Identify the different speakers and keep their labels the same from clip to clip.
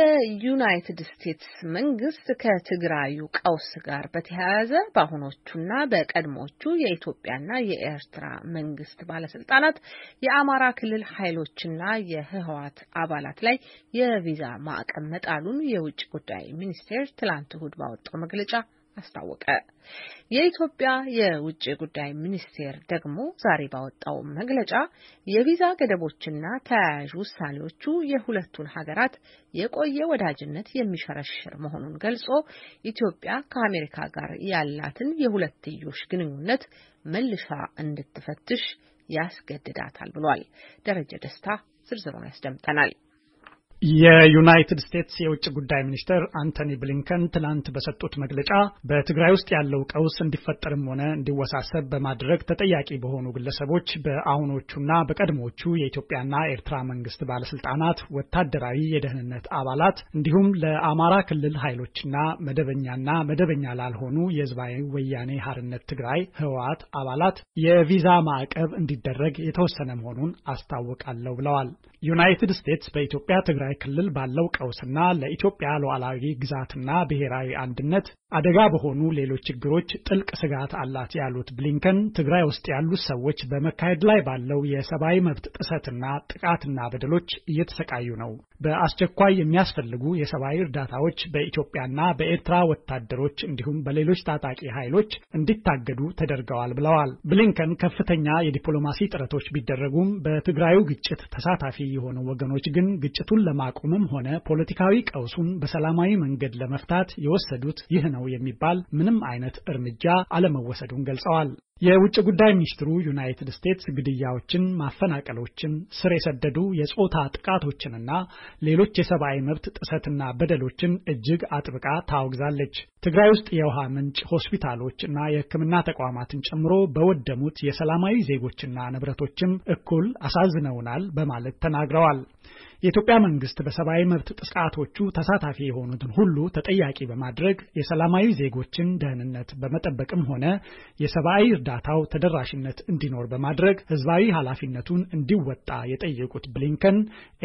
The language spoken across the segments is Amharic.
Speaker 1: የዩናይትድ ስቴትስ መንግስት ከትግራዩ ቀውስ ጋር በተያያዘ በአሁኖቹና በቀድሞቹ የኢትዮጵያና የኤርትራ መንግስት ባለስልጣናት የአማራ ክልል ኃይሎችና የህወሓት አባላት ላይ የቪዛ ማዕቀብ መጣሉን የውጭ ጉዳይ ሚኒስቴር ትላንት እሁድ ባወጣው መግለጫ አስታወቀ። የኢትዮጵያ የውጭ ጉዳይ ሚኒስቴር ደግሞ ዛሬ ባወጣው መግለጫ የቪዛ ገደቦችና ተያያዥ ውሳኔዎቹ የሁለቱን ሀገራት የቆየ ወዳጅነት የሚሸረሽር መሆኑን ገልጾ ኢትዮጵያ ከአሜሪካ ጋር ያላትን የሁለትዮሽ ግንኙነት መልሻ እንድትፈትሽ ያስገድዳታል ብሏል። ደረጀ ደስታ ዝርዝሩን ያስደምጠናል። የዩናይትድ ስቴትስ የውጭ ጉዳይ ሚኒስትር አንቶኒ ብሊንከን ትናንት በሰጡት መግለጫ በትግራይ ውስጥ ያለው ቀውስ እንዲፈጠርም ሆነ እንዲወሳሰብ በማድረግ ተጠያቂ በሆኑ ግለሰቦች በአሁኖቹና በቀድሞቹ የኢትዮጵያና ኤርትራ መንግስት ባለስልጣናት፣ ወታደራዊ የደህንነት አባላት እንዲሁም ለአማራ ክልል ኃይሎችና መደበኛና መደበኛ ላልሆኑ የህዝባዊ ወያኔ ሀርነት ትግራይ ህወሓት አባላት የቪዛ ማዕቀብ እንዲደረግ የተወሰነ መሆኑን አስታውቃለሁ ብለዋል። ዩናይትድ ስቴትስ በኢትዮጵያ ትግራይ ክልል ባለው ቀውስና ለኢትዮጵያ ሉዓላዊ ግዛትና ብሔራዊ አንድነት አደጋ በሆኑ ሌሎች ችግሮች ጥልቅ ስጋት አላት ያሉት ብሊንከን ትግራይ ውስጥ ያሉት ሰዎች በመካሄድ ላይ ባለው የሰብአዊ መብት ጥሰትና ጥቃትና በደሎች እየተሰቃዩ ነው። በአስቸኳይ የሚያስፈልጉ የሰብአዊ እርዳታዎች በኢትዮጵያና በኤርትራ ወታደሮች እንዲሁም በሌሎች ታጣቂ ኃይሎች እንዲታገዱ ተደርገዋል ብለዋል። ብሊንከን ከፍተኛ የዲፕሎማሲ ጥረቶች ቢደረጉም በትግራዩ ግጭት ተሳታፊ የሆኑ ወገኖች ግን ግጭቱን ለማቆምም ሆነ ፖለቲካዊ ቀውሱን በሰላማዊ መንገድ ለመፍታት የወሰዱት ይህ ነው የሚባል ምንም አይነት እርምጃ አለመወሰዱን ገልጸዋል። የውጭ ጉዳይ ሚኒስትሩ ዩናይትድ ስቴትስ ግድያዎችን፣ ማፈናቀሎችን፣ ስር የሰደዱ የጾታ ጥቃቶችንና ሌሎች የሰብአዊ መብት ጥሰትና በደሎችን እጅግ አጥብቃ ታወግዛለች። ትግራይ ውስጥ የውሃ ምንጭ ሆስፒታሎች እና የሕክምና ተቋማትን ጨምሮ በወደሙት የሰላማዊ ዜጎችና ንብረቶችም እኩል አሳዝነውናል በማለት ተናግረዋል። የኢትዮጵያ መንግስት በሰብአዊ መብት ጥቃቶቹ ተሳታፊ የሆኑትን ሁሉ ተጠያቂ በማድረግ የሰላማዊ ዜጎችን ደህንነት በመጠበቅም ሆነ የሰብአዊ እርዳታው ተደራሽነት እንዲኖር በማድረግ ህዝባዊ ኃላፊነቱን እንዲወጣ የጠየቁት ብሊንከን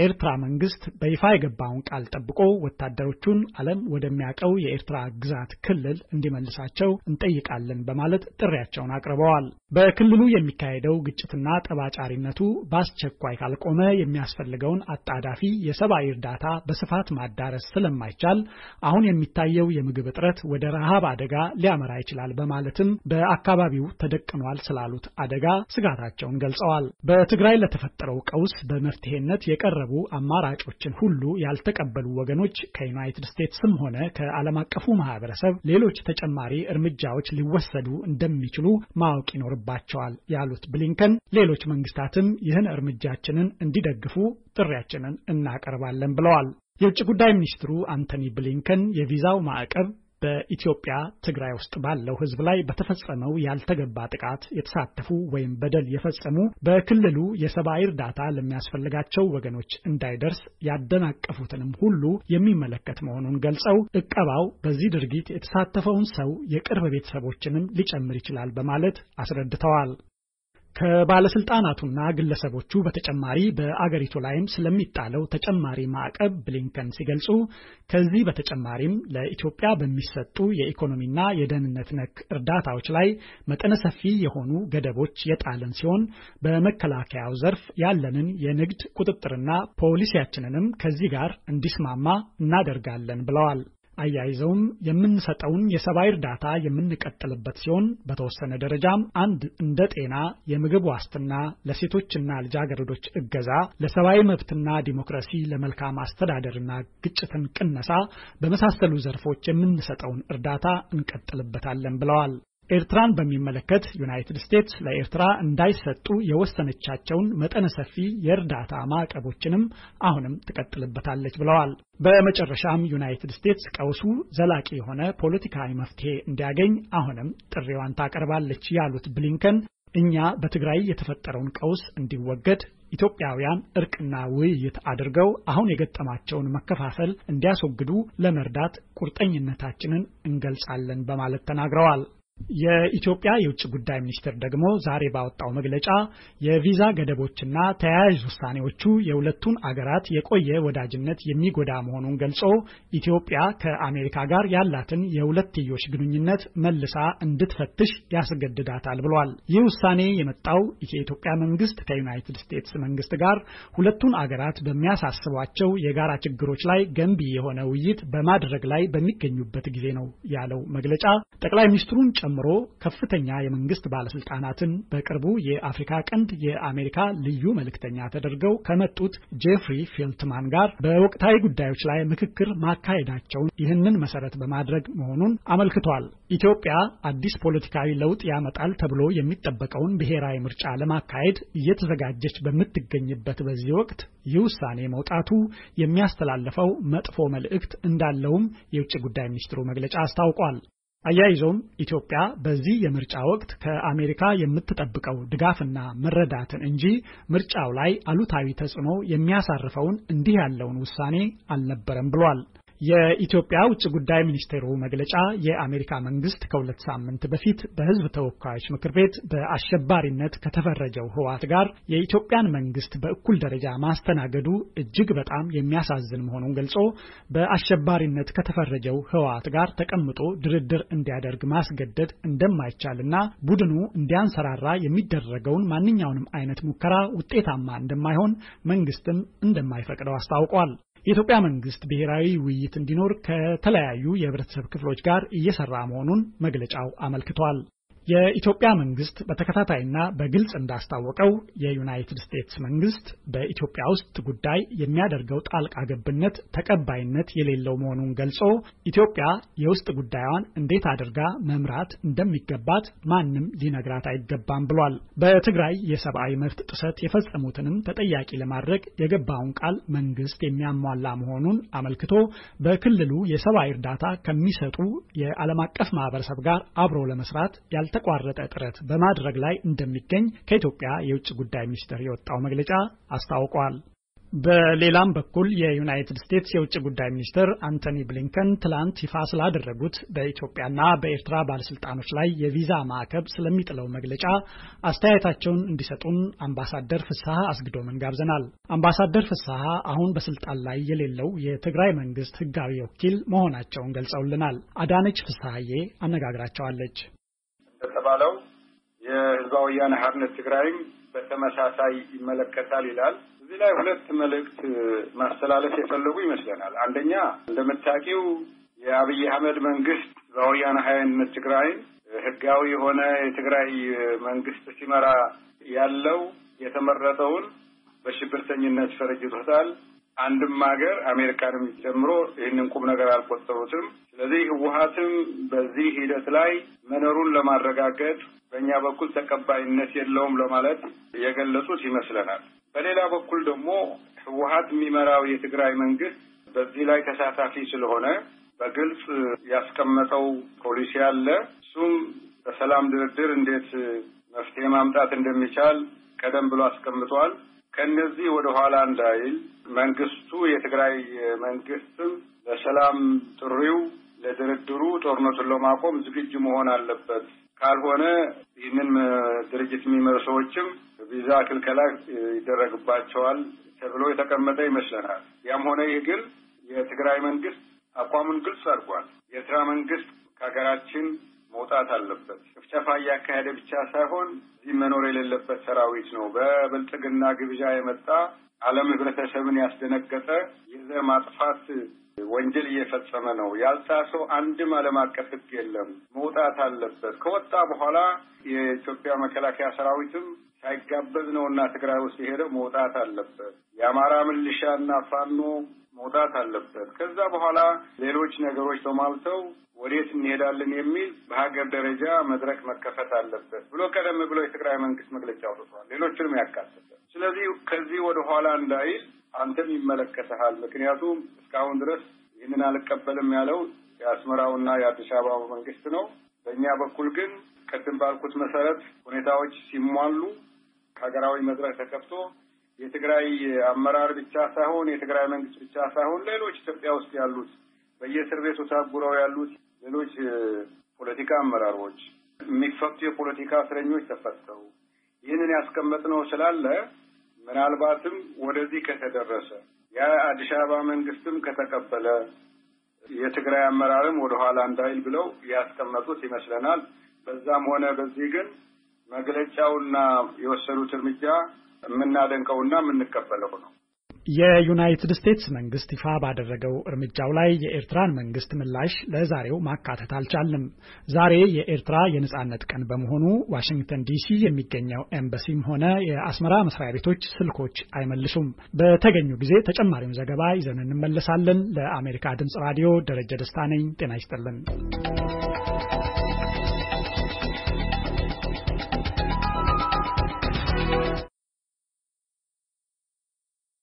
Speaker 1: ኤርትራ መንግስት በይፋ የገባውን ቃል ጠብቆ ወታደሮቹን ዓለም ወደሚያውቀው የኤርትራ ግዛት ክልል እንዲመልሳቸው እንጠይቃለን በማለት ጥሪያቸውን አቅርበዋል። በክልሉ የሚካሄደው ግጭትና ጠባጫሪነቱ በአስቸኳይ ካልቆመ የሚያስፈልገውን አጣ ተጣዳፊ የሰብአዊ እርዳታ በስፋት ማዳረስ ስለማይቻል አሁን የሚታየው የምግብ እጥረት ወደ ረሃብ አደጋ ሊያመራ ይችላል በማለትም በአካባቢው ተደቅኗል ስላሉት አደጋ ስጋታቸውን ገልጸዋል። በትግራይ ለተፈጠረው ቀውስ በመፍትሄነት የቀረቡ አማራጮችን ሁሉ ያልተቀበሉ ወገኖች ከዩናይትድ ስቴትስም ሆነ ከዓለም አቀፉ ማህበረሰብ ሌሎች ተጨማሪ እርምጃዎች ሊወሰዱ እንደሚችሉ ማወቅ ይኖርባቸዋል ያሉት ብሊንከን ሌሎች መንግስታትም ይህን እርምጃችንን እንዲደግፉ ጥሪያችንን እናቀርባለን ብለዋል። የውጭ ጉዳይ ሚኒስትሩ አንቶኒ ብሊንከን የቪዛው ማዕቀብ በኢትዮጵያ ትግራይ ውስጥ ባለው ሕዝብ ላይ በተፈጸመው ያልተገባ ጥቃት የተሳተፉ ወይም በደል የፈጸሙ በክልሉ የሰብአዊ እርዳታ ለሚያስፈልጋቸው ወገኖች እንዳይደርስ ያደናቀፉትንም ሁሉ የሚመለከት መሆኑን ገልጸው እቀባው በዚህ ድርጊት የተሳተፈውን ሰው የቅርብ ቤተሰቦችንም ሊጨምር ይችላል በማለት አስረድተዋል። ከባለስልጣናቱና ግለሰቦቹ በተጨማሪ በአገሪቱ ላይም ስለሚጣለው ተጨማሪ ማዕቀብ ብሊንከን ሲገልጹ ከዚህ በተጨማሪም ለኢትዮጵያ በሚሰጡ የኢኮኖሚና የደህንነት ነክ እርዳታዎች ላይ መጠነ ሰፊ የሆኑ ገደቦች የጣልን ሲሆን በመከላከያው ዘርፍ ያለንን የንግድ ቁጥጥርና ፖሊሲያችንንም ከዚህ ጋር እንዲስማማ እናደርጋለን ብለዋል። አያይዘውም የምንሰጠውን የሰብአዊ እርዳታ የምንቀጥልበት ሲሆን በተወሰነ ደረጃም አንድ እንደ ጤና፣ የምግብ ዋስትና፣ ለሴቶችና ልጃገረዶች እገዛ፣ ለሰብአዊ መብትና ዲሞክራሲ፣ ለመልካም አስተዳደርና ግጭትን ቅነሳ በመሳሰሉ ዘርፎች የምንሰጠውን እርዳታ እንቀጥልበታለን ብለዋል። ኤርትራን በሚመለከት ዩናይትድ ስቴትስ ለኤርትራ እንዳይሰጡ የወሰነቻቸውን መጠነ ሰፊ የእርዳታ ማዕቀቦችንም አሁንም ትቀጥልበታለች ብለዋል። በመጨረሻም ዩናይትድ ስቴትስ ቀውሱ ዘላቂ የሆነ ፖለቲካዊ መፍትሄ እንዲያገኝ አሁንም ጥሪዋን ታቀርባለች ያሉት ብሊንከን እኛ በትግራይ የተፈጠረውን ቀውስ እንዲወገድ ኢትዮጵያውያን እርቅና ውይይት አድርገው አሁን የገጠማቸውን መከፋፈል እንዲያስወግዱ ለመርዳት ቁርጠኝነታችንን እንገልጻለን በማለት ተናግረዋል። የኢትዮጵያ የውጭ ጉዳይ ሚኒስቴር ደግሞ ዛሬ ባወጣው መግለጫ የቪዛ ገደቦችና ተያያዥ ውሳኔዎቹ የሁለቱን አገራት የቆየ ወዳጅነት የሚጎዳ መሆኑን ገልጾ ኢትዮጵያ ከአሜሪካ ጋር ያላትን የሁለትዮሽ ግንኙነት መልሳ እንድትፈትሽ ያስገድዳታል ብሏል። ይህ ውሳኔ የመጣው የኢትዮጵያ መንግስት ከዩናይትድ ስቴትስ መንግስት ጋር ሁለቱን አገራት በሚያሳስቧቸው የጋራ ችግሮች ላይ ገንቢ የሆነ ውይይት በማድረግ ላይ በሚገኙበት ጊዜ ነው ያለው መግለጫ ጠቅላይ ሚኒስትሩን ጨምሮ ከፍተኛ የመንግስት ባለስልጣናትን በቅርቡ የአፍሪካ ቀንድ የአሜሪካ ልዩ መልእክተኛ ተደርገው ከመጡት ጄፍሪ ፌልትማን ጋር በወቅታዊ ጉዳዮች ላይ ምክክር ማካሄዳቸውን ይህንን መሰረት በማድረግ መሆኑን አመልክቷል። ኢትዮጵያ አዲስ ፖለቲካዊ ለውጥ ያመጣል ተብሎ የሚጠበቀውን ብሔራዊ ምርጫ ለማካሄድ እየተዘጋጀች በምትገኝበት በዚህ ወቅት ይህ ውሳኔ መውጣቱ የሚያስተላልፈው መጥፎ መልእክት እንዳለውም የውጭ ጉዳይ ሚኒስትሩ መግለጫ አስታውቋል። አያይዞም ኢትዮጵያ በዚህ የምርጫ ወቅት ከአሜሪካ የምትጠብቀው ድጋፍና መረዳትን እንጂ ምርጫው ላይ አሉታዊ ተጽዕኖ የሚያሳርፈውን እንዲህ ያለውን ውሳኔ አልነበረም ብሏል የኢትዮጵያ ውጭ ጉዳይ ሚኒስቴሩ መግለጫ የአሜሪካ መንግስት ከሁለት ሳምንት በፊት በህዝብ ተወካዮች ምክር ቤት በአሸባሪነት ከተፈረጀው ህወሓት ጋር የኢትዮጵያን መንግስት በእኩል ደረጃ ማስተናገዱ እጅግ በጣም የሚያሳዝን መሆኑን ገልጾ በአሸባሪነት ከተፈረጀው ህወሓት ጋር ተቀምጦ ድርድር እንዲያደርግ ማስገደድ እንደማይቻልና ቡድኑ እንዲያንሰራራ የሚደረገውን ማንኛውንም አይነት ሙከራ ውጤታማ እንደማይሆን መንግስትም እንደማይፈቅደው አስታውቋል። የኢትዮጵያ መንግስት ብሔራዊ ውይይት እንዲኖር ከተለያዩ የህብረተሰብ ክፍሎች ጋር እየሰራ መሆኑን መግለጫው አመልክቷል። የኢትዮጵያ መንግስት በተከታታይና በግልጽ እንዳስታወቀው የዩናይትድ ስቴትስ መንግስት በኢትዮጵያ ውስጥ ጉዳይ የሚያደርገው ጣልቃ ገብነት ተቀባይነት የሌለው መሆኑን ገልጾ ኢትዮጵያ የውስጥ ጉዳዩን እንዴት አድርጋ መምራት እንደሚገባት ማንም ሊነግራት አይገባም ብሏል። በትግራይ የሰብአዊ መብት ጥሰት የፈጸሙትንም ተጠያቂ ለማድረግ የገባውን ቃል መንግስት የሚያሟላ መሆኑን አመልክቶ በክልሉ የሰብአዊ እርዳታ ከሚሰጡ የዓለም አቀፍ ማህበረሰብ ጋር አብሮ ለመስራት ያልተ ያልተቋረጠ ጥረት በማድረግ ላይ እንደሚገኝ ከኢትዮጵያ የውጭ ጉዳይ ሚኒስቴር የወጣው መግለጫ አስታውቋል። በሌላም በኩል የዩናይትድ ስቴትስ የውጭ ጉዳይ ሚኒስትር አንቶኒ ብሊንከን ትላንት ይፋ ስላደረጉት በኢትዮጵያና በኤርትራ ባለስልጣኖች ላይ የቪዛ ማዕቀብ ስለሚጥለው መግለጫ አስተያየታቸውን እንዲሰጡን አምባሳደር ፍስሐ አስግዶምን ጋብዘናል። አምባሳደር ፍስሐ አሁን በስልጣን ላይ የሌለው የትግራይ መንግስት ህጋዊ ወኪል መሆናቸውን ገልጸውልናል። አዳነች ፍስሐዬ አነጋግራቸዋለች።
Speaker 2: የህዝባዊ ወያነ ሀርነት ትግራይም በተመሳሳይ ይመለከታል ይላል። እዚህ ላይ ሁለት መልእክት ማስተላለፍ የፈለጉ ይመስለናል። አንደኛ እንደምታውቂው የአብይ አህመድ መንግስት ህዝባዊ ወያነ ሓርነት ትግራይን ህጋዊ የሆነ የትግራይ መንግስት ሲመራ ያለው የተመረጠውን በሽብርተኝነት ፈረጅቶታል። አንድም ሀገር አሜሪካንም ጨምሮ ይህንን ቁም ነገር አልቆጠሩትም። ስለዚህ ህወሀትም በዚህ ሂደት ላይ መኖሩን ለማረጋገጥ በእኛ በኩል ተቀባይነት የለውም ለማለት የገለጹት ይመስለናል። በሌላ በኩል ደግሞ ህወሀት የሚመራው የትግራይ መንግስት በዚህ ላይ ተሳታፊ ስለሆነ በግልጽ ያስቀመጠው ፖሊሲ አለ። እሱም በሰላም ድርድር እንዴት መፍትሄ ማምጣት እንደሚቻል ቀደም ብሎ አስቀምጧል። ከእነዚህ ወደ ኋላ እንዳይል መንግስቱ የትግራይ መንግስትም ለሰላም ጥሪው ለድርድሩ ጦርነቱን ለማቆም ዝግጁ መሆን አለበት። ካልሆነ ይህንን ድርጅት የሚመሩ ሰዎችም ቪዛ ክልከላ ይደረግባቸዋል ተብሎ የተቀመጠ ይመስለናል። ያም ሆነ ይህ ግን የትግራይ መንግስት አቋሙን ግልጽ አድርጓል። የኤርትራ መንግስት ከሀገራችን መውጣት አለበት። ጭፍጨፋ እያካሄደ ብቻ ሳይሆን እዚህ መኖር የሌለበት ሰራዊት ነው። በብልጽግና ግብዣ የመጣ ዓለም ህብረተሰብን ያስደነገጠ የዘር ማጥፋት ወንጀል እየፈጸመ ነው። ያልጣሰው አንድም ዓለም አቀፍ ህግ የለም። መውጣት አለበት። ከወጣ በኋላ የኢትዮጵያ መከላከያ ሰራዊትም ሳይጋበዝ ነው እና ትግራይ ውስጥ የሄደው መውጣት አለበት። የአማራ ምልሻ እና ፋኖ መውጣት አለበት። ከዛ በኋላ ሌሎች ነገሮች ተሟልተው ወዴት እንሄዳለን የሚል በሀገር ደረጃ መድረክ መከፈት አለበት ብሎ ቀደም ብሎ የትግራይ መንግስት መግለጫ አውጥቷል። ሌሎችንም ያካተተ። ስለዚህ ከዚህ ወደ ኋላ እንዳይል አንተም ይመለከተሃል። ምክንያቱም እስካሁን ድረስ ይህንን አልቀበልም ያለው የአስመራውና የአዲስ አበባ መንግስት ነው። በእኛ በኩል ግን ቅድም ባልኩት መሰረት ሁኔታዎች ሲሟሉ ከሀገራዊ መድረክ ተከፍቶ የትግራይ አመራር ብቻ ሳይሆን የትግራይ መንግስት ብቻ ሳይሆን ሌሎች ኢትዮጵያ ውስጥ ያሉት በየእስር ቤቱ ታጉረው ያሉት ሌሎች ፖለቲካ አመራሮች የሚፈቱ የፖለቲካ እስረኞች ተፈተው ይህንን ያስቀመጥነው ስላለ ምናልባትም ወደዚህ ከተደረሰ የአዲስ አበባ መንግስትም ከተቀበለ የትግራይ አመራርም ወደኋላ እንዳይል ብለው ያስቀመጡት ይመስለናል። በዛም ሆነ በዚህ ግን መግለጫውና የወሰዱት እርምጃ የምናደንቀውና የምንቀበለው ነው።
Speaker 1: የዩናይትድ ስቴትስ መንግስት ይፋ ባደረገው እርምጃው ላይ የኤርትራን መንግስት ምላሽ ለዛሬው ማካተት አልቻልም። ዛሬ የኤርትራ የነጻነት ቀን በመሆኑ ዋሽንግተን ዲሲ የሚገኘው ኤምባሲም ሆነ የአስመራ መስሪያ ቤቶች ስልኮች አይመልሱም። በተገኙ ጊዜ ተጨማሪውን ዘገባ ይዘን እንመለሳለን። ለአሜሪካ ድምጽ ራዲዮ ደረጀ ደስታ ነኝ። ጤና ይስጥልን።